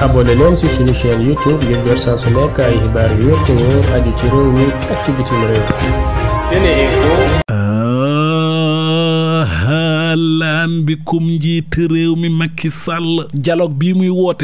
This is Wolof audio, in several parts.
abonné leen si suñu chaîne YouTube ngir jot saa su nekk ay xibaar yu wér te wóor aju ci réew mi ak ci bitim réew. Sénéinfo waxtaan bi kum njiiti réew mi Macky Sall dialogue bii muy woote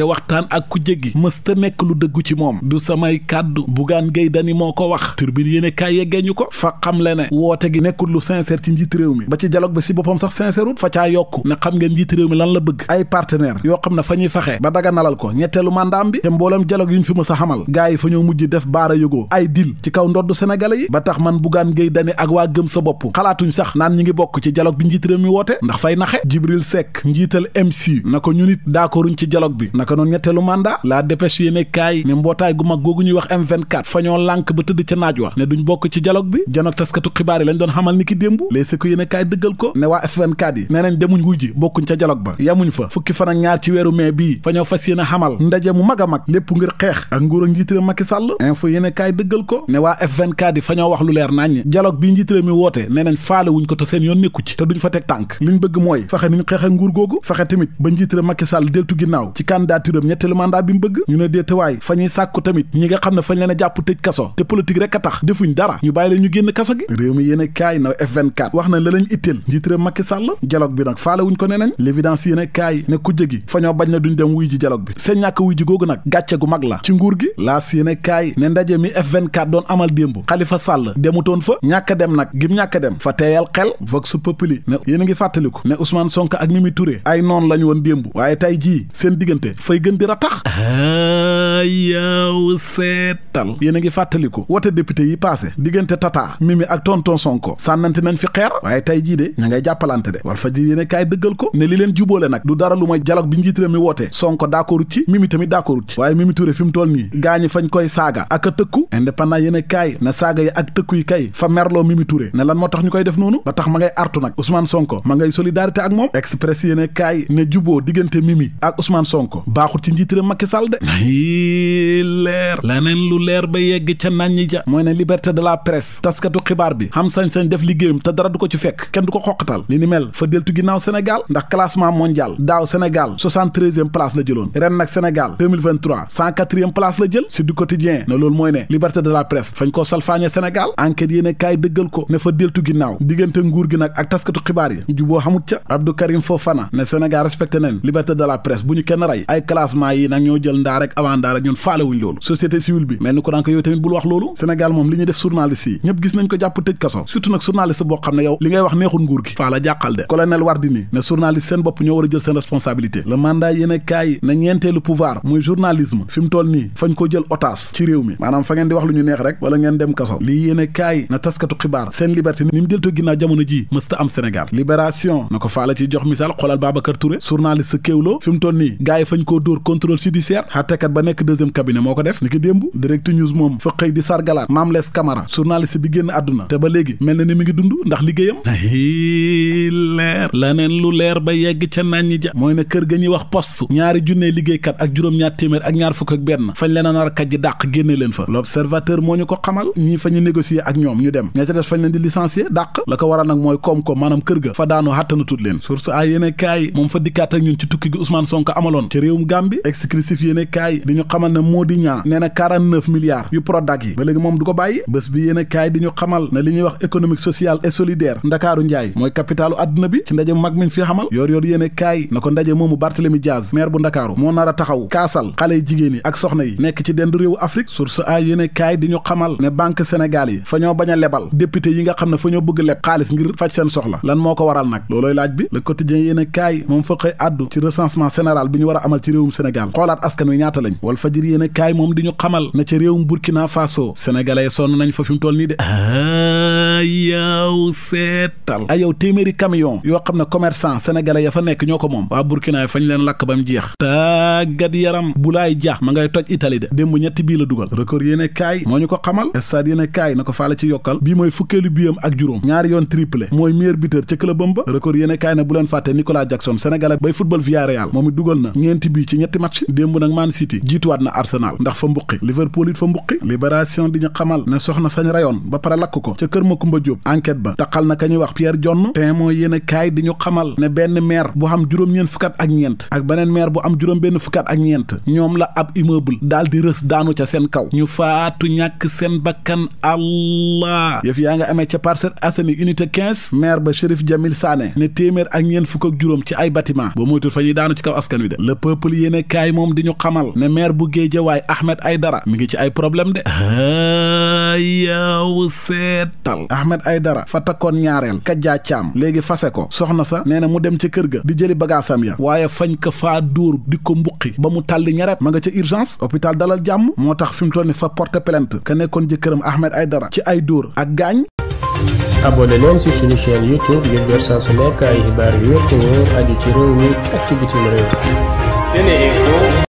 nekk lu dëggu ci moom du samay kàddu Bougane Gueye Dany moo ko wax turbine yéen kaay yeggee ñu ko fa xam le ne woote gi nekkul lu sincère ci njiiti réew mi ba ci dialogue ba si boppam sax sincère fa caa yokk na xam ngeen njiiti réew mi lan la bëgg ay partenaire yoo xam ne fa ñuy faxee ba daga nalal ko ñetteelu mandaam bi te mboolem dialogue yu ñu fi mës a xamal gars yi fa ñoo mujj def baara yógoo ay dil ci kaw ndoddu sénégalais yi ba tax man Bougane Gueye Dany ak waa gëm sa bopp xalaatuñ sax naan ñi ngi bokk ci dialogue bi njiiti mi woote ndax fay na naxe Jibril Seck njiital MC ko ñu nit d'accorduñ ci dialogue bi naka noonu ñetteelu mandat la dépêche yéene kaay ne googu ñuy wax m fa ñoo ba tëdd ca naaj wa ne duñ bokk ci dialogue bi janoog taskatu xibaar yi lañ doon ni ki démb léeg ko yéene kaay dëggal ko ne waa F24 yi nee nañ demuñ wuj ji ba yamuñ fa fukki fan ak ñaar ci weeru mai bii fa ñoo fas yéene xamal ndaje mu mag a mag lépp ngir xeex ak nguur a njiitale Macky Sall info yéene kaay dëggal ko ne wax lu leer nañ dialogue bi njiitale mi woote nee nañ faale wuñ ko te seen yoon nekku ci te duñ fa teg tànk liñ bëgg mooy mooy fexe niñ xeex ak nguur googu fexe tamit ba njiit réew Macky Sall deltu ginnaaw ci candidature am ñetteelu mandat bi mu ñu ne déetewaay fa ñuy sàkku tamit ñi nga xam ne fañ leen a jàpp tëj kaso te politique rek a tax defuñ dara ñu bàyyi leen génn kaso gi réew mi yéen kaay na F24 wax na la lañ itteel njiit réew Macky ne nañ l'évidence fa ñoo bañ na duñ dem wuy ji dialogue bi seen ñàkk wuy ji googu nag gàcce gu mag la ci nguur gi laas yéen kaay ne ndaje mi F24 doon amal démb Khalifa Sall fa ñàkk dem nag gim ñàkk dem a Ousmane Sonko ak mi ture ay noon la ñu woon démb waaye tey jii seen diggante fay gën di ratax a yaaw seetal yéen a ngi fàttaliku wote député yi passé diggante Tata Mimi ak tonton Sonko sànnante nañ fi xeer waaye tey jii de ña ngay jàppalante de wal fa ji yéen a kaay dëggal ko ne li leen jubóole nag du dara lu may dialogue bi njiit réew mi woote Sonko d'accordut ci Mimi tamit d'accordut ci waaye Mimi Touré fi mu tool nii gaañi fañ koy saaga ak a tëkku indépendant yéen a kaay na saaga yi ak tëkku yi kay fa merloo Mimi Touré moo tax ñu koy def noonu ba tax ma ngay artu nag Ousmane Sonko ma ngay solidarité te ak moom express yéene kaay ne juboo diggante Mimi ak Ousmane Sonko baaxul ci njiitëram Macky Sall de leer leneen lu leer ba yegg ca naññi ja mooy ne liberté de la presse taskatu xibaar bi xam sañ-sañ def liggéeyam te dara du ko ci fekk kenn du ko xoqatal li ni mel fa deltu ginnaaw Sénégal ndax classement mondial daaw Sénégal 73e place la jëloon ren nag Sénégal 2023 104e place la jël si du quotidien ne loolu mooy ne liberté de la presse fañ koo salfaañe Sénégal enquête yéene kaay dëggal ko ne ginnaaw diggante nguur gi nag ak taskatu xibaar yi juboo xamut ca Abdou Karim Fofana ne Sénégal respecté nañ liberté de la presse bu ñu kenn rey ay classement yi nag ñoo jël ndaa rek avant ndaa rek ñun faalewuñ loolu société civile bi mel ni ko daan ko yow tamit bul wax loolu Sénégal moom li ñuy def journaliste yi ñëpp gis nañ ko jàpp tëj kaso surtout nag journaliste boo xam ne yow li ngay wax neexul nguur gi faa la jàqal de colonel Wardini ne journaliste seen bopp ñoo war a jël seen responsabilité le mandat yéene kaay na fi mu toll nii fañ ko jël otage ci réew mi maanaam fa ngeen di wax lu ñu neex wala ngeen dem kaso lii yéene kaay na taskatu xibaar seen ji mësta am Sénégal libération na Fall la ci jox misaal xoolal Babacar Touré journaliste kéwloo fi mu nii gars yi fañ koo dóor contrôle judiciaire xattekat ba nekk deuxième cabinet moo ko def ni ki démb direct news moom fa xëy di sargalaat Mame Less Camara journaliste bi génn àdduna te ba léegi mel na ni mi ngi dund ndax liggéeyam leer laneen lu leer ba yegg ca naan ñi ja mooy ne kër ga ñuy wax poste ñaari junnee liggéeykat ak juróom-ñaar téeméer ak ñaar fukk ak benn fañ leen a nar kaj dàq leen fa l'observateur moo ñu ko xamal ñi fa ñu ñu dem ña ca des fañ leen di licencier dàq la ko waral nag mooy koom leen source ay yéene kaay moom fa dikkaat ak ñun ci tukki gi Ousmane Sonko amaloon ci réewum Gambie exclusif yéene kaay di ñu xamal na moo di ñaa nee na 49 milliards yu Prodac yi ba léegi moom du ko bàyyi bés bi yéene kaay di ñu xamal ne li ñuy wax économique sociale et solidaire ndakaaru njaay mooy capitalu àdduna bi ci ndaje mu mag mi fi xamal yoor yoor yéene kaay na ko ndaje moomu Barthélemy Diaz maire bu ndakaaru moo nar a taxaw kaasal xale jigéen yi ak soxna yi nekk ci dendu réewu Afrique source ay yéene kaay di ñu xamal ne banque Sénégal yi fa ñoo a lebal député yi nga xam ne fa ñoo bëgg leb xaalis ngir lan moo ko waral laaj bi le kaay moom fa àddu ci recensement général bi ñu war a amal ci réewum Sénégal xoolaat askan wi ñaata lañ wal fajir yéen kaay moom di ñu xamal na ca réewum Burkina Faso sénégalais sonn nañ fa fi mu nii de ah. yaaw seetal ay yow téeméeri camion yoo xam ne commerçant sénégalais ya fa nekk ñoo ko moom waa burkina fañ leen lakk ba jeex tàggat yaram Boulaye Dia ma ngay toj Italie de démb ñetti bii la dugal record yéene kaay moo ñu ko xamal stade yéene na ko faala ci yokkal bii mooy fukkeelu biyam ak juróom ñaari yoon triplé mooy meilleur buteur ca clubam ba record yéene kaay bu leen fàtte Nicolas Jackson sénégalais bay football Villarreal moom it dugal na ñeenti bii Makumba Diop enquête ba taqal na ka ñuy wax Pierre Jonn te moo yéen a kaay di ñu xamal ne benn maire bu am juróom-ñeent fukkat ak ñeent ak beneen maire bu am juróom benn fukkat ak ñeent ñoom la ab immeuble daal di rës daanu ca seen kaw ñu faatu ñàkk seen bakkan allah yëf yaa ngi amee ca Parcelles Assainies unité 15 maire ba Chérif Jamil Sané ne téeméer ak ñeent fukk ak juróom ci ay bâtiment ba moytul fa ñuy daanu ci kaw askan wi de le peuple yéen a kaay moom di ñu xamal ne maire bu Guédiawaye Ahmed Aïdara mi ngi ci ay problème de yaaw seetal Ahmed dara fa takkoon ñaareel kajjaa caam léegi fase ko soxna sa nee na mu dem ca kër ga di jëli bagaasam ya waaye fañ ko faa dóor di ko mbuqi ba mu tàlli ñaret ma nga ca urgence hôpital dalal jàmm moo tax fi mu toll ni fa porte plainte ka nekkoon jëkkëram Ahmed dara ci ay dóor ak gaañ abonné si ci suñu chaîne youtube ngir jot saa ay xibaar yu wér te wóor aju ci réew mi bu ci bitim réew